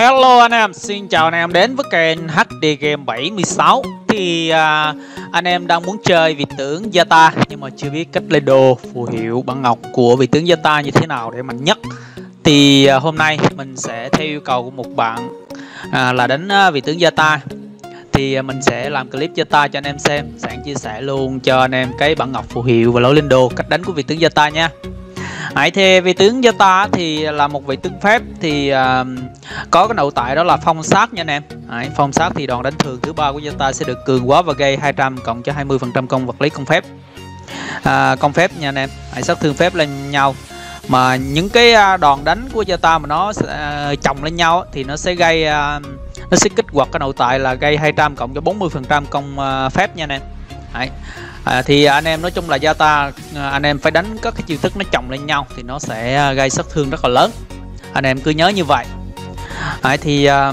Hello anh em, xin chào anh em đến với kênh HD Game 76 Thì à, anh em đang muốn chơi vị tướng Zeta Nhưng mà chưa biết cách lấy đồ phù hiệu bằng ngọc của vị tướng Zeta như thế nào để mạnh nhất Thì à, hôm nay mình sẽ theo yêu cầu của một bạn à, là đánh à, vị tướng Zeta. Thì à, mình sẽ làm clip Zeta cho anh em xem Sẵn chia sẻ luôn cho anh em cái bản ngọc phù hiệu và lối lên đồ cách đánh của vị tướng Zeta nha hãy thề vị tướng cho ta thì là một vị tướng phép thì uh, có cái nội tại đó là phong sát nha anh em hãy phong sát thì đòn đánh thường thứ ba của ta sẽ được cường quá và gây 200 cộng cho 20 công vật lý công phép à, công phép nha anh em hãy sát thương phép lên nhau mà những cái à, đòn đánh của ta mà nó uh, chồng lên nhau thì nó sẽ gây uh, nó sẽ kích hoạt cái nội tại là gây 200 cộng cho 40 công uh, phép nha anh em hãy à, thì anh em nói chung là gia ta à, anh em phải đánh các cái chiêu thức nó chồng lên nhau thì nó sẽ à, gây sát thương rất là lớn anh em cứ nhớ như vậy à, thì à,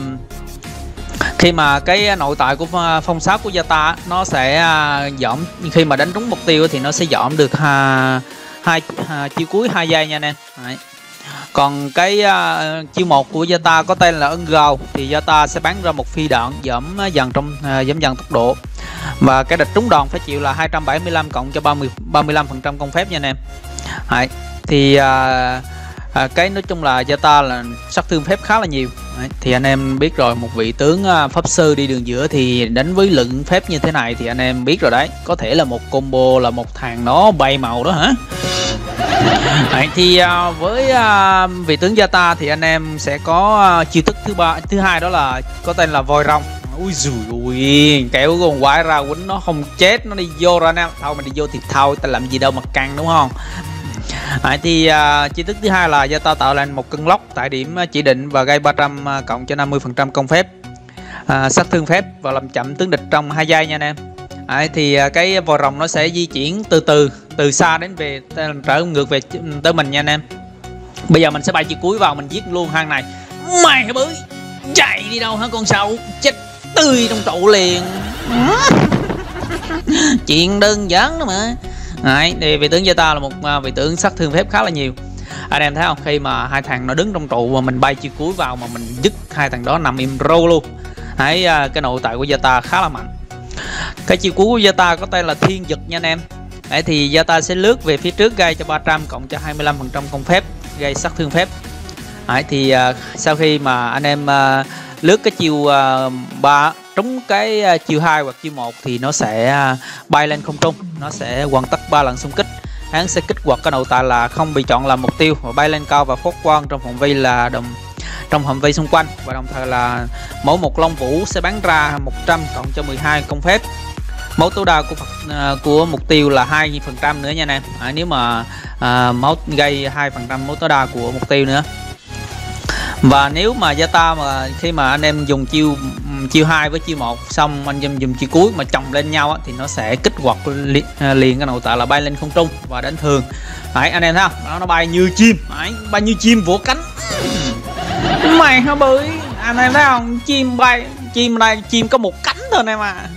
khi mà cái nội tại của à, phong sát của gia ta nó sẽ à, dõm khi mà đánh trúng mục tiêu thì nó sẽ dõm được à, hai à, chiêu cuối hai giây nha anh em Đấy còn cái uh, chiêu một của Zeta có tên là ân gào thì Zeta sẽ bắn ra một phi đạn giảm à, dần trong uh, giảm dần tốc độ và cái địch trúng đòn phải chịu là 275 cộng cho 30 35 phần trăm công phép nha anh em Đấy. thì uh, À, cái nói chung là Zata là sát thương phép khá là nhiều Đấy, thì anh em biết rồi một vị tướng pháp sư đi đường giữa thì đánh với lượng phép như thế này thì anh em biết rồi đấy có thể là một combo là một thằng nó bay màu đó hả Đấy, thì à, với à, vị tướng gia ta thì anh em sẽ có à, chiêu thức thứ ba thứ hai đó là có tên là voi rồng ui rùi ui kéo con quái ra quýnh nó không chết nó đi vô ra nè em thôi mình đi vô thì thôi ta làm gì đâu mà căng đúng không Đấy, thì uh, chi thức thứ hai là gia ta tạo lên một cân lốc tại điểm chỉ định và gây 300 uh, cộng cho 50 phần trăm công phép uh, sát thương phép và làm chậm tướng địch trong hai giây nha anh em Đấy, thì cái vòi rồng nó sẽ di chuyển từ từ từ xa đến về trở ngược về tới mình nha anh em bây giờ mình sẽ bay chữ cuối vào mình giết luôn hang này mày bới chạy đi đâu hả con sâu chết tươi trong trụ liền chuyện đơn giản đó mà Đấy, thì vị tướng Zeta là một à, vị tướng sát thương phép khá là nhiều anh em thấy không khi mà hai thằng nó đứng trong trụ mà mình bay chiêu cuối vào mà mình dứt hai thằng đó nằm im râu luôn Đấy, à, cái nội tại của Zeta khá là mạnh cái chiêu cuối của Zeta có tên là thiên giật nha anh em Đấy thì ta sẽ lướt về phía trước gây cho 300 cộng cho 25% công phép gây sát thương phép. Đấy thì à, sau khi mà anh em à, lướt cái chiều à, 3 trúng cái à, chiêu 2 hoặc chiều 1 thì nó sẽ à, bay lên không trung, nó sẽ hoàn tất 3 lần xung kích. Hắn sẽ kích hoạt cái nội tại là không bị chọn làm mục tiêu và bay lên cao và phốt quang trong phạm vi là đồng trong phạm vi xung quanh và đồng thời là mỗi một long vũ sẽ bắn ra 100 cộng cho 12 công phép máu tối đa của à, của mục tiêu là hai phần trăm nữa nha anh em à, nếu mà uh, máu gây hai phần trăm máu tối đa của mục tiêu nữa và nếu mà gia ta mà khi mà anh em dùng chiêu chiêu 2 với chiêu 1 xong anh em dùng chiêu cuối mà chồng lên nhau á, thì nó sẽ kích hoạt liền, à, liền cái nội tạ là bay lên không trung và đánh thường đấy anh em thấy không nó, bay như chim đấy, bay như chim vỗ cánh mày hả bưởi anh em thấy không chim bay chim đây chim có một cánh thôi anh em à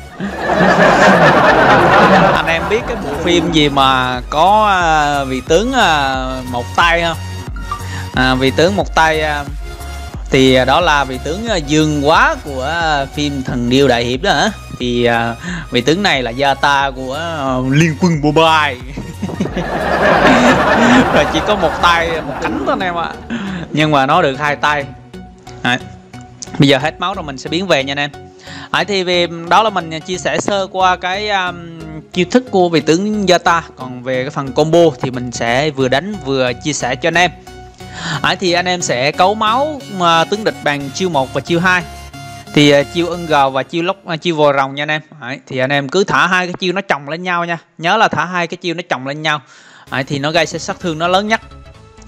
anh em biết cái bộ phim gì mà có à, vị tướng à, một tay không à, vị tướng một tay à, thì đó là vị tướng dương quá của phim thần điêu đại hiệp đó hả thì vị tướng này là gia ta của liên quân bộ bài rồi chỉ có một tay một cánh thôi anh em ạ nhưng mà nó được hai tay à, bây giờ hết máu rồi mình sẽ biến về nha anh em Đấy, thì về đó là mình chia sẻ sơ qua cái um, chiêu thức của vị tướng Zata còn về cái phần combo thì mình sẽ vừa đánh vừa chia sẻ cho anh em Đấy, thì anh em sẽ cấu máu mà tướng địch bằng chiêu 1 và chiêu 2 thì uh, chiêu ưng gò và chiêu lốc uh, à, chiêu vò rồng nha anh em Đấy, thì anh em cứ thả hai cái chiêu nó chồng lên nhau nha nhớ là thả hai cái chiêu nó chồng lên nhau Đấy, thì nó gây sẽ sát thương nó lớn nhất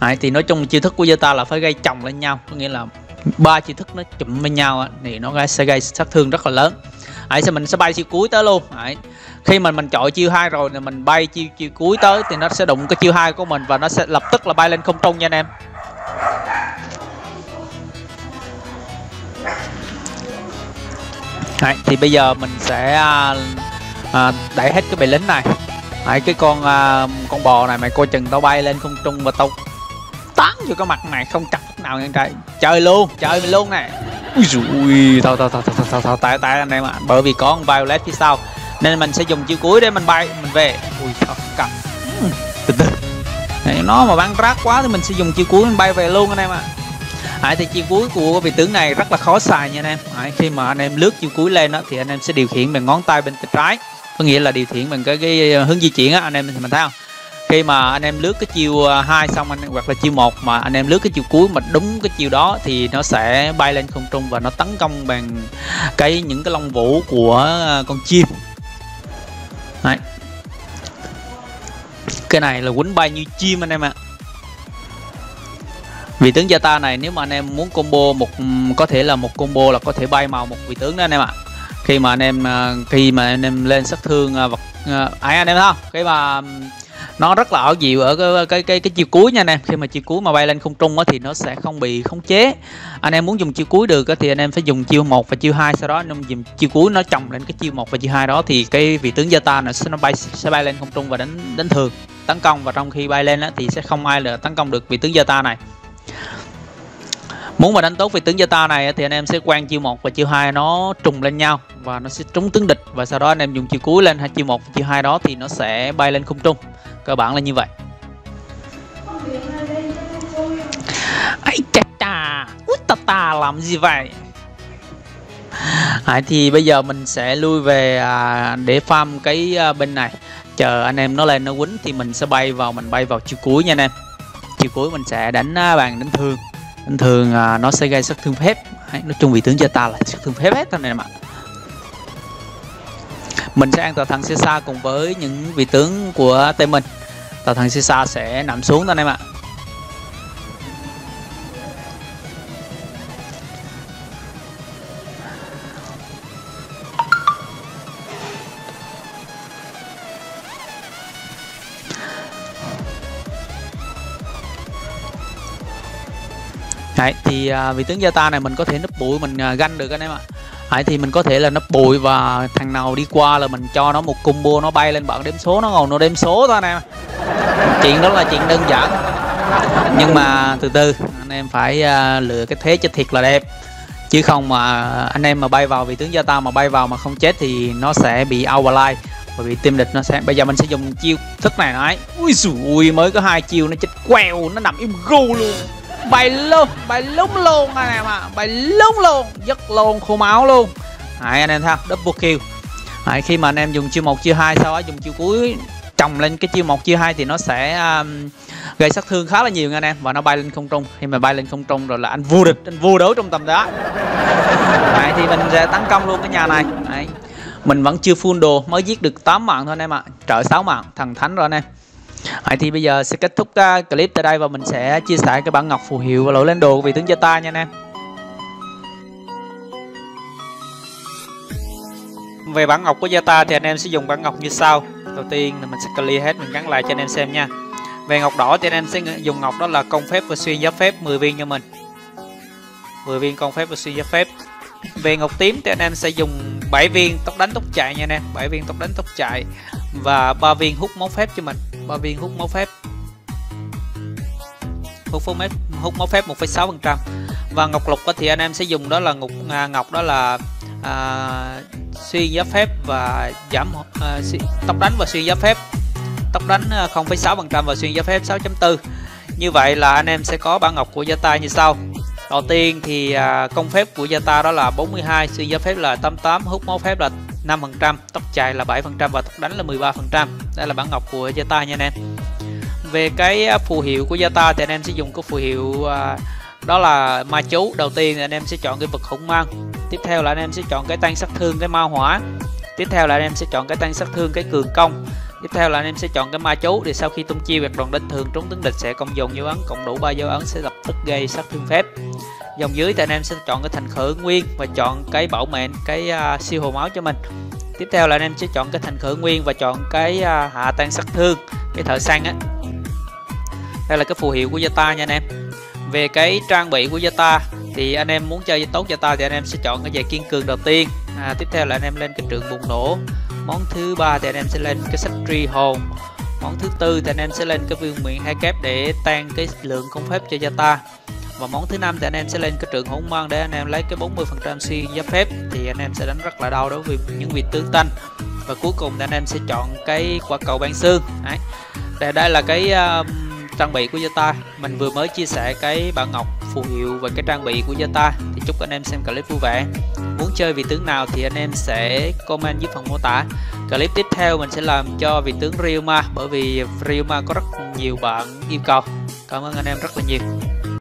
Đấy, thì nói chung chiêu thức của Zeta là phải gây chồng lên nhau có nghĩa là ba chi thức nó chụm với nhau thì nó sẽ gây sát thương rất là lớn ấy thì mình sẽ bay chiêu cuối tới luôn ấy khi mà mình chọn chiêu hai rồi thì mình bay chiêu chiêu cuối tới thì nó sẽ đụng cái chiêu hai của mình và nó sẽ lập tức là bay lên không trung nha anh em Đấy, thì bây giờ mình sẽ à, à, đẩy hết cái bầy lính này Đấy, cái con à, con bò này mày coi chừng tao bay lên không trung và tao tán vô cái mặt mày không chặt nào nha anh trai chơi luôn chơi luôn này ui dùi tao tao tao tao tao thôi tại tại anh em ạ bởi vì có con violet phía sau nên mình sẽ dùng chiêu cuối để mình bay mình về ui thôi cầm từ từ này, nó mà bắn rác quá thì mình sẽ dùng chiêu cuối mình bay về luôn anh em ạ à. thì chiêu cuối của vị tướng này rất là khó xài nha anh em à, khi mà anh em lướt chiêu cuối lên đó, thì anh em sẽ điều khiển bằng ngón tay bên tay trái có nghĩa là điều khiển bằng cái, cái hướng di chuyển á anh em mình thấy không khi mà anh em lướt cái chiêu à, hai xong anh hoặc là chiêu một mà anh em lướt cái chiêu cuối mà đúng cái chiêu đó thì nó sẽ bay lên không trung và nó tấn công bằng cái những cái lông vũ của à, con chim Đấy. cái này là quấn bay như chim anh em ạ à. vị tướng gia ta này nếu mà anh em muốn combo một có thể là một combo là có thể bay màu một vị tướng đó anh em ạ à. khi mà anh em à, khi mà anh em lên sát thương vật ấy anh em không khi mà nó rất là ở dịu ở cái cái cái, cái chiều cuối nha anh em khi mà chiều cuối mà bay lên không trung á thì nó sẽ không bị khống chế anh em muốn dùng chiều cuối được thì anh em phải dùng chiều một và chiều hai sau đó anh em dùng chiều cuối nó chồng lên cái chiều một và chiều hai đó thì cái vị tướng gia ta nó sẽ nó bay sẽ bay lên không trung và đánh đánh thường tấn công và trong khi bay lên á thì sẽ không ai là tấn công được vị tướng gia ta này Muốn mà đánh tốt vị tướng gia ta này thì anh em sẽ quang chiêu 1 và chiêu 2 nó trùng lên nhau và nó sẽ trúng tướng địch và sau đó anh em dùng chiêu cuối lên hai chiêu 1 và chiêu 2 đó thì nó sẽ bay lên không trung cơ bản là như vậy ấy chà chà út tà tà làm gì vậy à, thì bây giờ mình sẽ lui về à, để farm cái à, bên này chờ anh em nó lên nó quýnh thì mình sẽ bay vào mình bay vào chiều cuối nha anh em chiều cuối mình sẽ đánh à, bàn đánh thương đánh thường à, nó sẽ gây sát thương phép Đấy, nói chung vị tướng cho ta là sát thương phép hết thôi này mà mình sẽ ăn tòa thằng xe xa cùng với những vị tướng của tay mình tàu thằng Sisa sẽ nằm xuống đó anh em ạ Đấy, thì à, vị tướng gia ta này mình có thể nấp bụi mình à, ganh được anh em ạ à. Đấy, thì mình có thể là nấp bụi và thằng nào đi qua là mình cho nó một combo nó bay lên bảng đếm số nó ngồi nó đếm số thôi anh em chuyện đó là chuyện đơn giản nhưng mà từ từ anh em phải uh, lựa cái thế cho thiệt là đẹp chứ không mà anh em mà bay vào vị tướng gia ta mà bay vào mà không chết thì nó sẽ bị outline bởi vì team địch nó sẽ bây giờ mình sẽ dùng chiêu thức này nói ui dù ui mới có hai chiêu nó chết queo nó nằm im gu luôn bay luôn bay lúng luôn anh em ạ bay lúng luôn giấc luôn khô máu luôn Đấy, anh em thấy không double kill Đấy, khi mà anh em dùng chiêu một chiêu hai sau đó dùng chiêu cuối chồng lên cái chiêu một chiêu hai thì nó sẽ um, gây sát thương khá là nhiều nha anh em và nó bay lên không trung khi mà bay lên không trung rồi là anh vô địch anh vô đấu trong tầm đó Đấy, thì mình sẽ tấn công luôn cái nhà này Đấy. mình vẫn chưa full đồ mới giết được 8 mạng thôi anh em ạ à. trợ 6 mạng thần thánh rồi anh em Đấy, thì bây giờ sẽ kết thúc uh, clip tại đây và mình sẽ chia sẻ cái bản ngọc phù hiệu và lỗi lên đồ của vị tướng gia ta nha anh em về bản ngọc của gia ta thì anh em sẽ dùng bản ngọc như sau đầu tiên là mình sẽ clear hết mình gắn lại cho anh em xem nha về ngọc đỏ thì anh em sẽ dùng ngọc đó là công phép và xuyên giáp phép 10 viên cho mình 10 viên công phép và xuyên giáp phép về ngọc tím thì anh em sẽ dùng 7 viên tốc đánh tốc chạy nha anh em 7 viên tốc đánh tốc chạy và ba viên hút máu phép cho mình ba viên hút máu phép hút máu phép hút máu phép 1,6 phần trăm và ngọc lục thì anh em sẽ dùng đó là ngọc à, ngọc đó là à, xuyên giáp phép và giảm à, tốc đánh và xuyên giáp phép tốc đánh 0,6% à, và xuyên giáp phép 6.4 như vậy là anh em sẽ có bản ngọc của gia ta như sau đầu tiên thì à, công phép của gia ta đó là 42 xuyên giáp phép là 88 hút máu phép là 5% tốc chạy là 7% và tốc đánh là 13% đây là bản ngọc của gia ta nha anh em về cái à, phù hiệu của gia ta thì anh em sẽ dùng cái phù hiệu à, đó là ma chú đầu tiên anh em sẽ chọn cái vật khủng mang tiếp theo là anh em sẽ chọn cái tăng sát thương cái ma hỏa tiếp theo là anh em sẽ chọn cái tăng sát thương cái cường công tiếp theo là anh em sẽ chọn cái ma chú thì sau khi tung chiêu hoặc đoàn đinh thường trúng tướng địch sẽ công dùng dấu ấn cộng đủ ba dấu ấn sẽ lập tức gây sát thương phép dòng dưới thì anh em sẽ chọn cái thành khởi nguyên và chọn cái bảo mệnh cái uh, siêu hồ máu cho mình tiếp theo là anh em sẽ chọn cái thành khởi nguyên và chọn cái uh, hạ tăng sát thương cái thợ săn á đây là cái phù hiệu của gia ta nha anh em về cái trang bị của Zeta thì anh em muốn chơi tốt Zeta thì anh em sẽ chọn cái giày kiên cường đầu tiên à, tiếp theo là anh em lên cái trường bùng nổ món thứ ba thì anh em sẽ lên cái sách tri hồn món thứ tư thì anh em sẽ lên cái viên miệng hai kép để tăng cái lượng công phép cho Zeta và món thứ năm thì anh em sẽ lên cái trường hỗn mang để anh em lấy cái 40 phần trăm xuyên giáp phép thì anh em sẽ đánh rất là đau đối với những vị tướng tanh và cuối cùng thì anh em sẽ chọn cái quả cầu ban xương đấy đây là cái uh, trang bị của Zeta Mình vừa mới chia sẻ cái bản ngọc phù hiệu và cái trang bị của Zeta Thì chúc anh em xem clip vui vẻ Muốn chơi vị tướng nào thì anh em sẽ comment dưới phần mô tả Clip tiếp theo mình sẽ làm cho vị tướng Ryuma Bởi vì Ryuma có rất nhiều bạn yêu cầu Cảm ơn anh em rất là nhiều